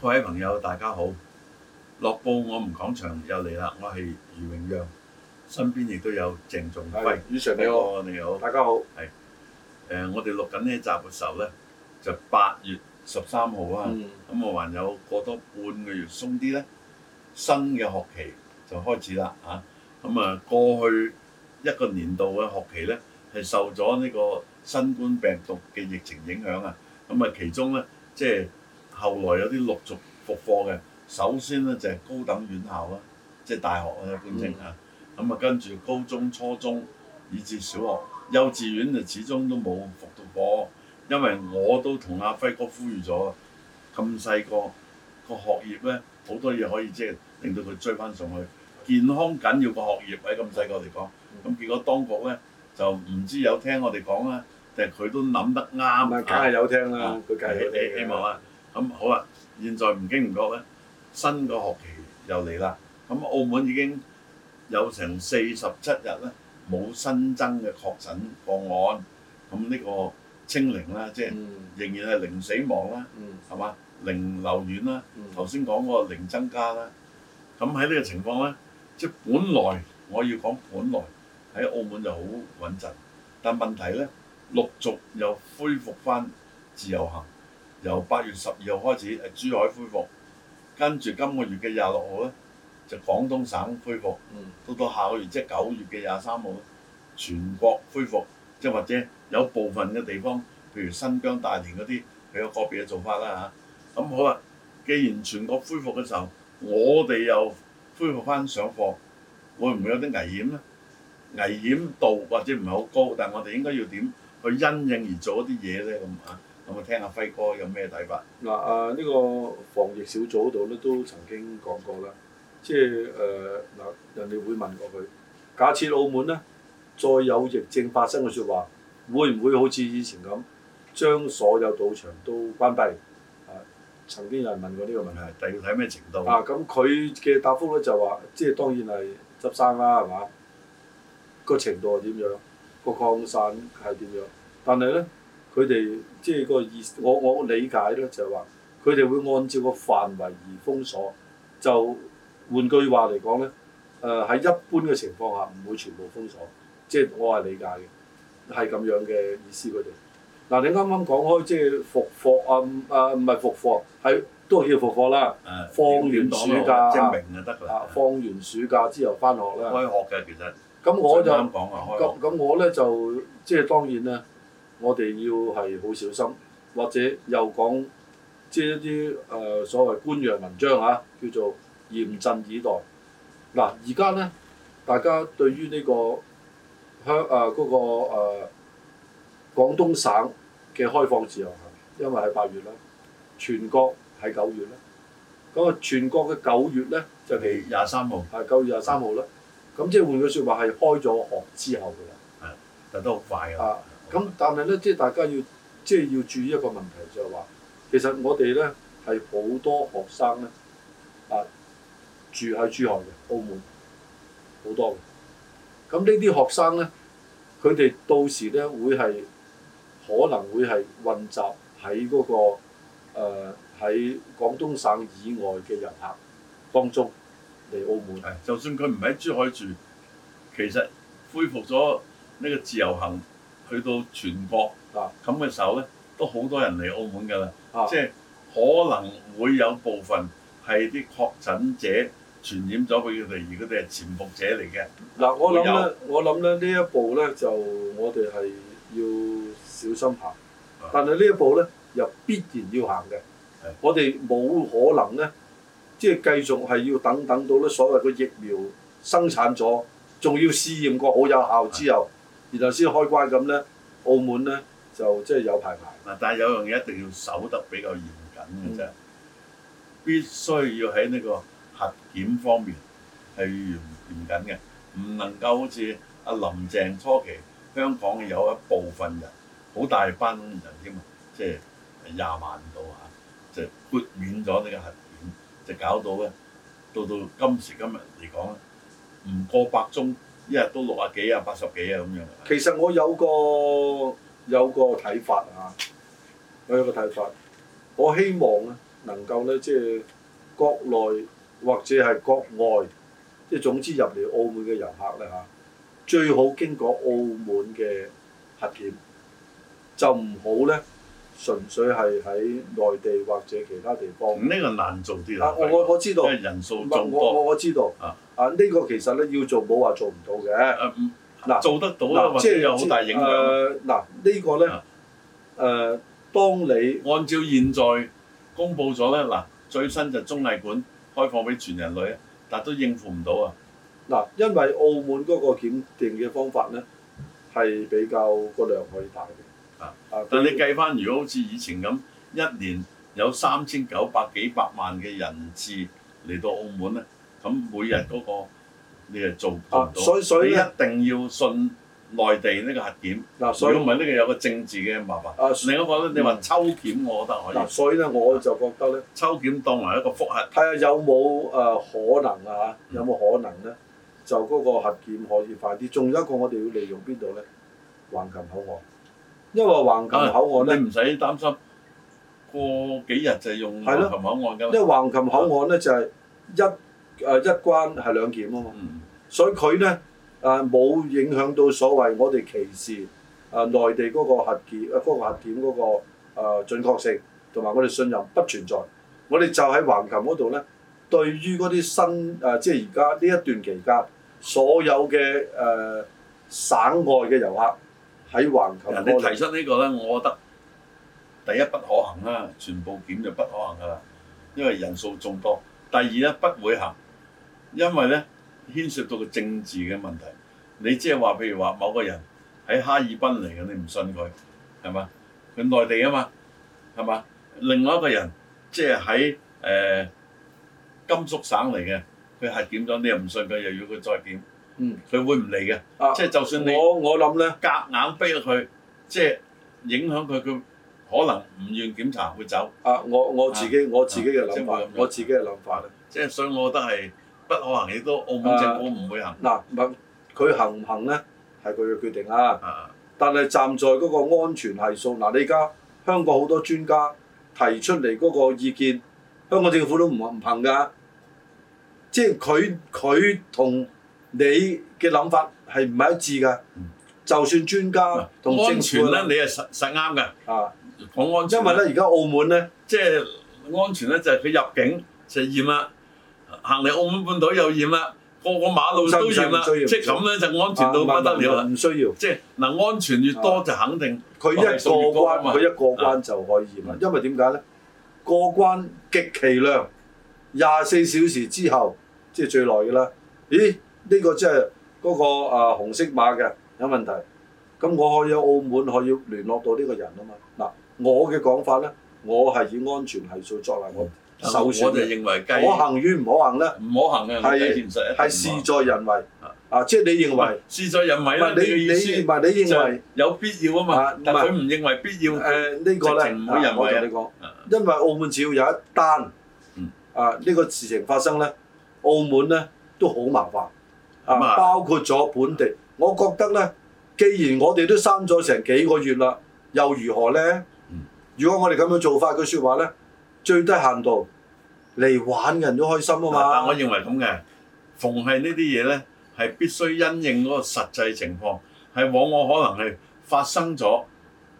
各位朋友，大家好！樂報我哋講場又嚟啦，我係余永揚，身邊亦都有鄭仲輝。余常的你好，你好，你好大家好。係誒、呃，我哋錄緊呢一集嘅時候咧，就八月十三號啊，咁、嗯、啊還有過多半個月鬆啲咧，新嘅學期就開始啦嚇。咁啊，啊過去一個年度嘅學期咧，係受咗呢個新冠病毒嘅疫情影響啊。咁啊其中咧即係後來有啲陸續復課嘅，首先咧就係高等院校啦，即、就、係、是、大學嘅編程啊，咁啊、嗯、跟住高中、初中以至小學、幼稚園就始終都冇復到課，因為我都同阿輝哥呼籲咗，咁細個個學業咧好多嘢可以即係令到佢追翻上去，健康緊要過學業喺咁細個嚟講，咁、嗯、結果當局咧就唔知有聽我哋講啊，定係佢都諗得啱，嗱梗係有聽啦，佢計佢嘅希望啊。啊咁好啦，現在唔經唔覺咧，新個學期又嚟啦。咁澳門已經有成四十七日咧冇新增嘅確診個案，咁呢個清零啦，即係仍然係零死亡啦，係嘛、嗯，零留院啦，頭先講嗰個零增加啦。咁喺呢個情況咧，即係本來我要講本來喺澳門就好穩陣，但問題咧，陸續又恢復翻自由行。由八月十二號開始，誒珠海恢復，跟住今個月嘅廿六號咧，就廣東省恢復，嗯，到到下個月即係九月嘅廿三號咧，全國恢復，即係或者有部分嘅地方，譬如新疆大、大連嗰啲，佢有個別嘅做法啦嚇。咁、啊、好啊，既然全國恢復嘅時候，我哋又恢復翻上課，會唔會有啲危險咧？危險度或者唔係好高，但係我哋應該要點去因應而做一啲嘢咧咁啊？咁啊，我聽下輝哥有咩睇法？嗱、啊，阿、這、呢個防疫小組度咧都曾經講過啦，即係誒嗱，人哋會問過佢，假設澳門呢，再有疫症發生嘅説話，會唔會好似以前咁將所有賭場都關閉？啊，曾經有人問過呢個問題，第二睇咩程度？啊，咁佢嘅答覆咧就話、是，即係當然係執生啦，係嘛？個程度係點樣？個擴散係點樣？但係咧。佢哋即係個意思，我我理解咧就係、是、話，佢哋會按照個範圍而封鎖。就換句話嚟講咧，誒、呃、喺一般嘅情況下唔會全部封鎖。即係我係理解嘅，係咁樣嘅意思。佢哋嗱，你啱啱講開即係復課啊啊，唔係復課，係、啊、都要復課啦。啊、放完暑假啊，放完暑假之後返學啦。開學嘅其實。咁我就咁咁，我咧就即係當然啦。我哋要係好小心，或者又講即係一啲誒、呃、所謂官樣文章嚇、啊，叫做嚴陣以待。嗱、啊，而家咧，大家對於呢、呢個香誒嗰個誒、啊、廣東省嘅開放自由行，因為係八月啦，全國喺九月啦。嗰個全國嘅九月咧，就係廿三號，係九月廿三號啦。咁的即係換句説話，係開咗學之後嘅啦。係，但都好快啊。啊咁但係咧，即係大家要即係要注意一個問題，就係話，其實我哋咧係好多學生咧啊、呃、住喺珠海嘅，澳門好多嘅。咁呢啲學生咧，佢哋到時咧會係可能會係混集喺嗰個呃、喺廣東省以外嘅遊客當中嚟澳門。就算佢唔喺珠海住，其實恢復咗呢個自由行。去到全國啊咁嘅時候咧，都好多人嚟澳門㗎啦，是的 即係可能會有部分係啲確診者傳染咗畀佢哋，而佢哋係潛伏者嚟嘅。嗱我諗咧，我諗咧呢，有呢，呢一步咧就我哋係要小心行，但係呢一步咧又必然要行嘅。是的 我哋冇可能咧，即係繼續係要等等到咧所謂嘅疫苗生產咗，仲要試驗過好有效之後。然後先開關咁咧，澳門咧就即係有排排，但係有樣嘢一定要守得比較嚴謹嘅啫，嗯、必須要喺呢個核檢方面係嚴嚴謹嘅，唔能夠好似阿林鄭初期香港有一部分人，好大班人添啊，即係廿萬度啊，就豁免咗呢個核檢，就搞到咧，到到今時今日嚟講，唔過百宗。一日都六啊幾啊，八十幾啊咁樣。其實我有個有個睇法啊，我有個睇法，我希望咧能夠咧，即係國內或者係國外，即係總之入嚟澳門嘅遊客咧嚇，最好經過澳門嘅核檢，就唔好咧。純粹係喺內地或者其他地方，呢個難做啲啦。我我知道，人數眾多。我我知道。啊啊，呢個其實咧要做冇話做唔到嘅。啊嗯，嗱，做得到即係有好大影響。嗱，呢個咧誒，當你按照現在公佈咗咧，嗱，最新就綜藝館開放俾全人類，但都應付唔到啊。嗱，因為澳門嗰個檢定嘅方法咧，係比較個量可以大嘅。啊！但你計翻，如果好似以前咁，一年有三千九百幾百萬嘅人次嚟到澳門咧，咁每日嗰、那個你係做做唔到、啊，所以一定要信內地呢個核檢。嗱、啊，所以如果唔係呢個有個政治嘅麻煩。啊，另一個咧，你話抽檢，我覺得可以。啊、所以咧，我就覺得咧，抽、啊、檢當為一個複核。睇下、啊、有冇誒、呃、可能啊？有冇可能咧、啊？嗯、就嗰個核檢可以快啲。仲有一個，我哋要利用邊度咧？橫琴口岸。因為橫琴口岸咧，啊嗯、你唔使擔心過幾日就係用橫琴口岸噶。因為橫琴口岸咧，就係一誒一關係兩檢啊嘛，嗯、所以佢咧誒冇影響到所謂我哋歧視誒、呃、內地嗰個核檢誒嗰個核檢嗰個誒準確性同埋我哋信任不存在。我哋就喺橫琴嗰度咧，對於嗰啲新誒、呃、即係而家呢一段期間所有嘅誒、呃、省外嘅遊客。喺環球人，你提出呢個咧，我覺得第一不可行啦，全部檢就不可行㗎喇，因為人數眾多。第二咧，不會行，因為咧牽涉到個政治嘅問題。你即係話，譬如話某個人喺哈爾濱嚟嘅，你唔信佢係嘛？佢內地啊嘛，係嘛？另外一個人即係喺誒甘肅省嚟嘅，佢核檢咗，你又唔信佢，又要佢再檢。嗯，佢會唔嚟嘅，即係就算你我我諗咧，夾硬逼佢，即係影響佢，佢可能唔願檢查會走。啊，我我自己我自己嘅諗法，我自己嘅諗、啊、法咧、啊嗯，即係所以，我覺得係不可行，亦都澳門政府唔會行。嗱、啊，佢行唔行咧，係佢嘅決定啦。啊、但係站在嗰個安全係數，嗱、啊，你而家香港好多專家提出嚟嗰個意見，香港政府都唔唔行㗎。即係佢佢同。你嘅諗法係唔係一致㗎？就算專家同安全，咧，你係實實啱㗎。啊，我因為咧而家澳門咧，即係安全咧就係佢入境就驗啦，行嚟澳門半島又驗啦，個個馬路都驗啦。即係咁咧就安全到不得了，唔需要，即係嗱，安全越多就肯定佢、啊、一過關，佢、啊、一過關就可以驗啦。嗯、因為點解咧？過關極其量廿四小時之後，即係最耐㗎啦。咦？咦呢個即係嗰個啊紅色碼嘅有問題，咁我可以喺澳門可以聯絡到呢個人啊嘛。嗱，我嘅講法咧，我係以安全係數作為我，首選就認為可行與唔可行咧，唔可行嘅，係事事在人為啊！即係你認為事在人為啦。你你唔係認為有必要啊嘛？佢唔認為必要誒？呢個咧，唔會認為，因為澳門只要有一單啊，呢個事情發生咧，澳門咧都好麻煩。啊、包括咗本地，嗯、我覺得咧，既然我哋都刪咗成幾個月啦，又如何咧？如果我哋咁樣做法，嘅説話咧，最低限度嚟玩人都開心啊嘛，嗯！但我認為咁嘅，逢係呢啲嘢咧，係必須因應嗰個實際情況，係往往可能係發生咗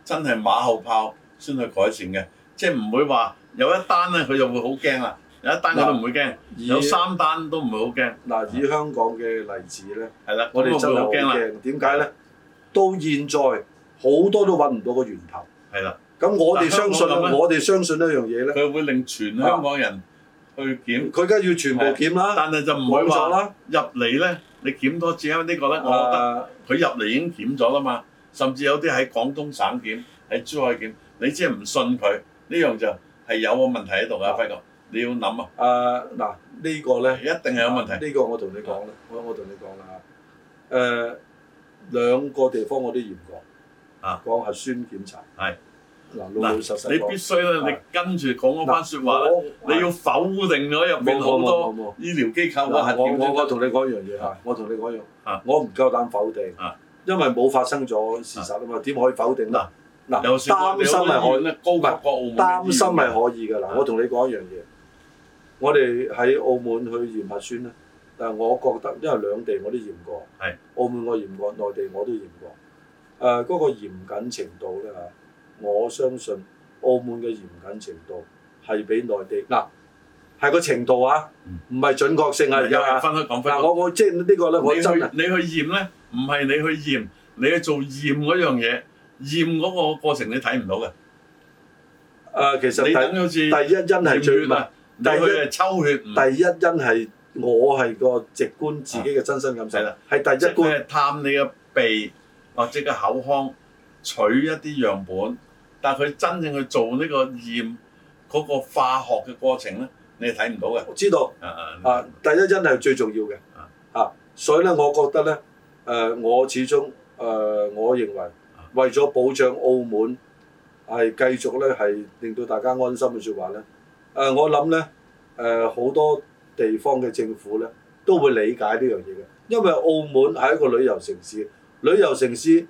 真係馬後炮先去改善嘅，即係唔會話有一單咧，佢就會好驚啊！有一單我都唔會驚，有三單都唔會好驚。嗱，以香港嘅例子咧，係啦，我哋真係好驚。點解咧？到現在好多都揾唔到個源頭，係啦。咁我哋相信，我哋相信一樣嘢咧，佢會令全香港人去檢。佢梗係要全部檢啦，但係就唔會話入嚟咧，你檢多次，因為呢個咧，我覺得佢入嚟已經檢咗啦嘛。甚至有啲喺廣東省檢，喺珠海檢，你即係唔信佢呢樣就係有個問題喺度啊，輝哥。你要諗啊！啊嗱，呢個咧一定係有問題。呢個我同你講啦，我我同你講啦嚇。誒兩個地方我都驗過啊，講核酸檢查係嗱，老老實實。你必須咧，你跟住講嗰班説話，你要否定咗入面好多醫療機構，我我我同你講一樣嘢嚇，我同你講一樣，我唔夠膽否定，因為冇發生咗事實啊嘛，點可以否定咧？嗱，嗱擔心係可以，擔心係可以嘅嗱。我同你講一樣嘢。我哋喺澳門去驗核酸咧，但係我覺得因為兩地我都驗過，澳門我驗過，內地我都驗過。誒，嗰個嚴謹程度咧嚇，我相信澳門嘅嚴謹程度係比內地嗱係個程度啊，唔係準確性啊，又啊，分開講分開。嗱我我即係呢個咧，我收人，你去驗咧，唔係你去驗，你去做驗嗰樣嘢，驗嗰個過程你睇唔到嘅。誒，其實你等好似第一因係最但佢係抽血，第一因係我係個直觀自己嘅真身感受啦，係、啊、第一因係探你嘅鼻或者嘅口腔取一啲樣本，但係佢真正去做呢個驗嗰、那個化學嘅過程咧，你係睇唔到嘅，我知道啊？啊啊第一因係最重要嘅啊，啊，所以咧，我覺得咧，誒、呃，我始終誒、呃，我認為為咗保障澳門係繼續咧係令到大家安心嘅説話咧。誒、呃、我諗咧，誒、呃、好多地方嘅政府咧都會理解呢樣嘢嘅，因為澳門係一個旅遊城市，旅遊城市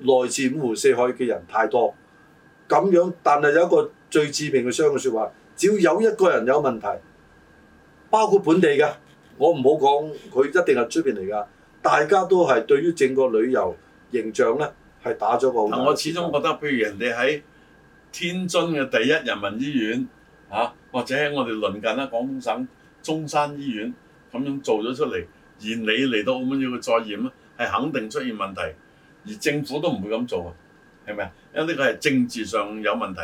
來自五湖四海嘅人太多，咁樣但係有一個最致命嘅傷嘅説話，只要有一個人有問題，包括本地嘅，我唔好講佢一定係出邊嚟噶，大家都係對於整個旅遊形象咧係打咗個，但我始終覺得，譬如人哋喺天津嘅第一人民醫院。嚇、啊，或者我哋鄰近咧廣東省中山醫院咁樣做咗出嚟，而你嚟到澳門要佢再驗咧，係肯定出現問題。而政府都唔會咁做啊，係咪啊？因為呢個係政治上有問題。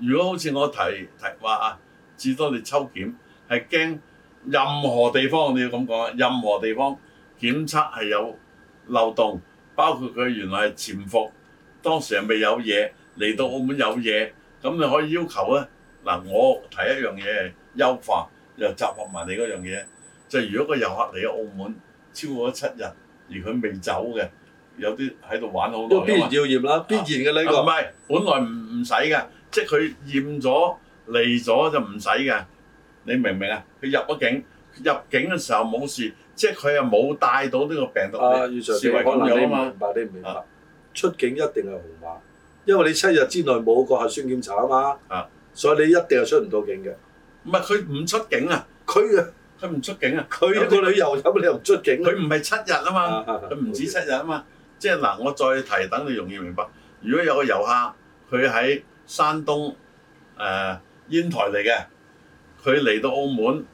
如果好似我提提話啊，至多你抽檢係驚任何地方，你要咁講啊，任何地方檢測係有漏洞，包括佢原來係潛伏，當時係未有嘢嚟到澳門有嘢，咁你可以要求咧。嗱，我提一樣嘢，優化又集合埋你嗰樣嘢，就係如果個遊客嚟咗澳門超過咗七日，而佢未走嘅，有啲喺度玩好多，都必然要驗啦，必然嘅呢、啊這個。唔係、啊，本來唔唔使嘅，即係佢驗咗嚟咗就唔使嘅。你明唔明啊？佢入咗境，入境嘅時候冇事，即係佢又冇帶到呢個病毒嚟，視、啊、事為公養啊嘛。你明白，你明白。啊、出境一定係紅碼，因為你七日之內冇個核酸檢查啊嘛。啊。啊啊啊所以你一定係出唔到境嘅，唔係佢唔出境啊！佢啊，佢唔出境啊！佢一個旅遊咁你又唔出境？佢唔係七日啊嘛，佢唔、啊啊、止七日啊嘛。即係嗱，我再提等你容易明白。如果有個遊客佢喺山東誒、呃、煙台嚟嘅，佢嚟到澳門，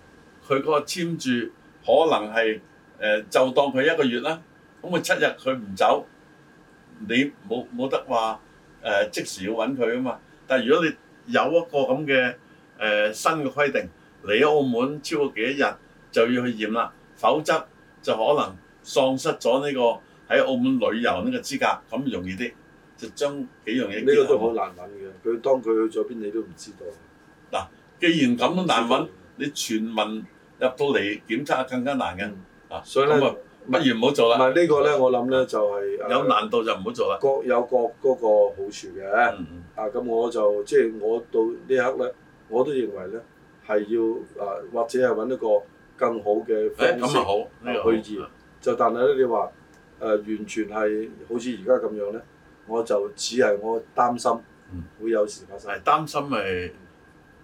佢嗰個簽住可能係誒、呃、就當佢一個月啦。咁佢七日佢唔走，你冇冇得話誒、呃、即時要揾佢啊嘛？但係如果你有一個咁嘅誒新嘅規定，嚟澳門超過幾多日就要去驗啦，否則就可能喪失咗呢個喺澳門旅遊呢個資格，咁容易啲就將幾樣嘢。呢個都好難揾嘅，佢當佢去咗邊，你都唔知道。嗱、啊，既然咁都難揾，嗯、你全民入到嚟檢測更加難嘅。以啊，所以咧。乜嘢唔好做啦？唔係、這個、呢個咧，我諗咧就係、是啊、有難度就唔好做啦。各有各嗰個好處嘅。啊，咁、嗯啊、我就即係我到一刻呢刻咧，我都認為咧係要啊，或者係搵一個更好嘅方式去接、欸。就，啊嗯、就但係咧，你話誒、啊、完全係好似而家咁樣咧，我就只係我擔心會有事發生。係、嗯、擔心咪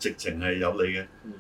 直情係有理嘅。嗯